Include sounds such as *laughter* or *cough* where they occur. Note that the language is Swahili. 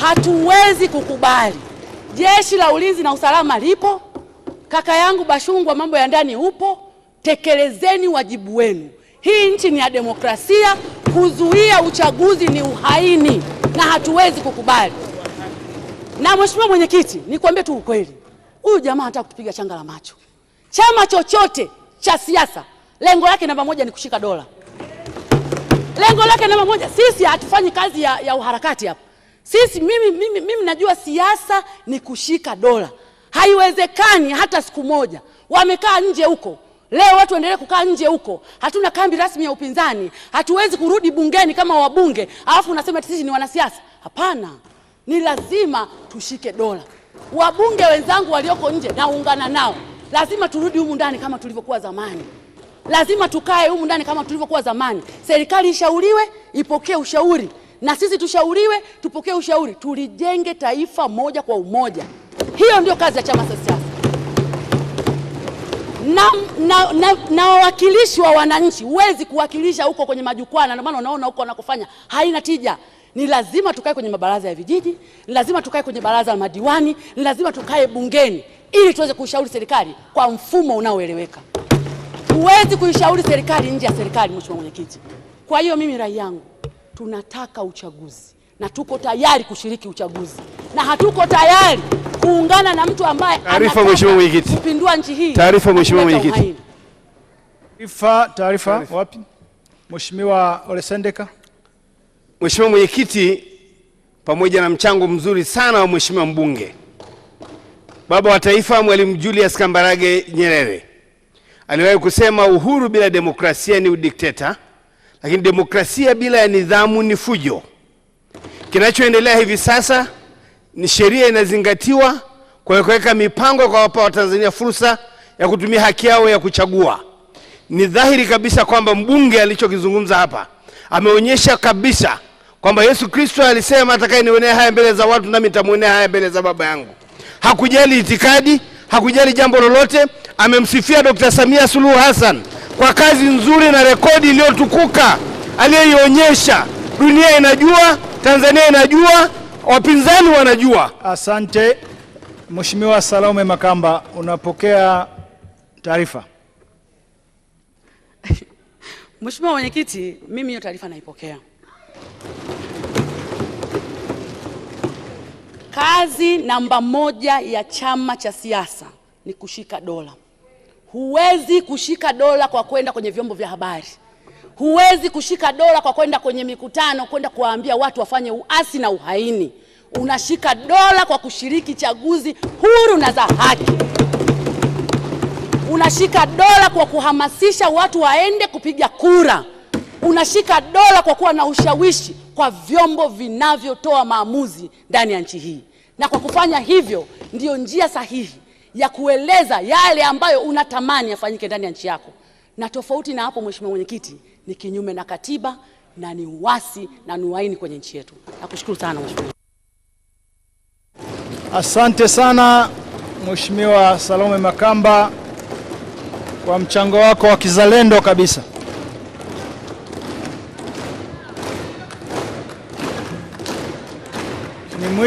Hatuwezi kukubali. Jeshi la ulinzi na usalama lipo, kaka yangu Bashungwa mambo ya ndani upo, tekelezeni wajibu wenu. Hii nchi ni ya demokrasia. Kuzuia uchaguzi ni uhaini na hatuwezi kukubali. Na mheshimiwa mwenyekiti, nikuambie tu ukweli, huyu jamaa anataka kutupiga changa la macho. Chama chochote cha siasa lengo lake namba moja ni kushika dola, lengo lake namba moja. Sisi hatufanyi kazi ya, ya uharakati hapa. Sisi mimi, mimi, mimi najua siasa ni kushika dola, haiwezekani hata siku moja. Wamekaa nje huko leo, watu waendelee kukaa nje huko. Hatuna kambi rasmi ya upinzani, hatuwezi kurudi bungeni kama wabunge, alafu unasema sisi ni wanasiasa. Hapana, ni lazima tushike dola. Wabunge wenzangu walioko nje, naungana nao, lazima turudi humu ndani kama tulivyokuwa zamani lazima tukae humu ndani kama tulivyokuwa zamani. Serikali ishauriwe, ipokee ushauri na sisi tushauriwe, tupokee ushauri, tulijenge taifa moja kwa umoja. Hiyo ndio kazi ya chama cha siasa na, na, na, na wawakilishi wa wananchi. Huwezi kuwakilisha huko kwenye majukwaa, na ndio maana unaona huko wanakofanya haina tija. Ni lazima tukae kwenye mabaraza ya vijiji, ni lazima tukae kwenye baraza la madiwani, ni lazima tukae bungeni ili tuweze kushauri serikali kwa mfumo unaoeleweka. Huwezi kuishauri serikali nje ya serikali, mheshimiwa mwenyekiti. Kwa hiyo mimi rai yangu tunataka uchaguzi na tuko tayari kushiriki uchaguzi na hatuko tayari kuungana na mtu ambaye taarifa mheshimiwa mwenyekiti kupindua nchi hii. Taarifa mheshimiwa mwenyekiti. Taarifa, taarifa wapi? Mheshimiwa Ole Sendeka. Mheshimiwa mwenyekiti, pamoja na mchango mzuri sana wa mheshimiwa mbunge, baba wa taifa Mwalimu Julius Kambarage Nyerere aliwahi kusema, uhuru bila demokrasia ni udikteta. Lakini demokrasia bila ya nidhamu ni fujo. Kinachoendelea hivi sasa ni sheria inazingatiwa kwa kuweka mipango kwa wapa Watanzania fursa ya kutumia haki yao ya kuchagua. Ni dhahiri kabisa kwamba mbunge alichokizungumza hapa ameonyesha kabisa kwamba Yesu Kristo alisema atakayenionea haya mbele za watu, nami nitamwonea haya mbele za Baba yangu. Hakujali itikadi, hakujali jambo lolote. Amemsifia Dr. Samia Suluhu Hassan kwa kazi nzuri na rekodi iliyotukuka aliyeionyesha. Dunia inajua, Tanzania inajua, wapinzani wanajua. Asante Mheshimiwa Salome Makamba, unapokea taarifa? *laughs* Mheshimiwa Mwenyekiti, mimi hiyo taarifa naipokea. Kazi namba moja ya chama cha siasa ni kushika dola. Huwezi kushika dola kwa kwenda kwenye vyombo vya habari, huwezi kushika dola kwa kwenda kwenye mikutano, kwenda kuwaambia watu wafanye uasi na uhaini. Unashika dola kwa kushiriki chaguzi huru na za haki. Unashika dola kwa kuhamasisha watu waende kupiga kura. Unashika dola kwa kuwa na ushawishi kwa vyombo vinavyotoa maamuzi ndani ya nchi hii, na kwa kufanya hivyo ndiyo njia sahihi ya kueleza yale ambayo unatamani yafanyike ndani ya nchi yako, na tofauti na hapo, Mheshimiwa Mwenyekiti, ni kinyume na katiba na ni uasi na ni uhaini kwenye nchi yetu. Nakushukuru sana Mheshimiwa. Asante sana Mheshimiwa Salome Makamba kwa mchango wako wa kizalendo kabisa.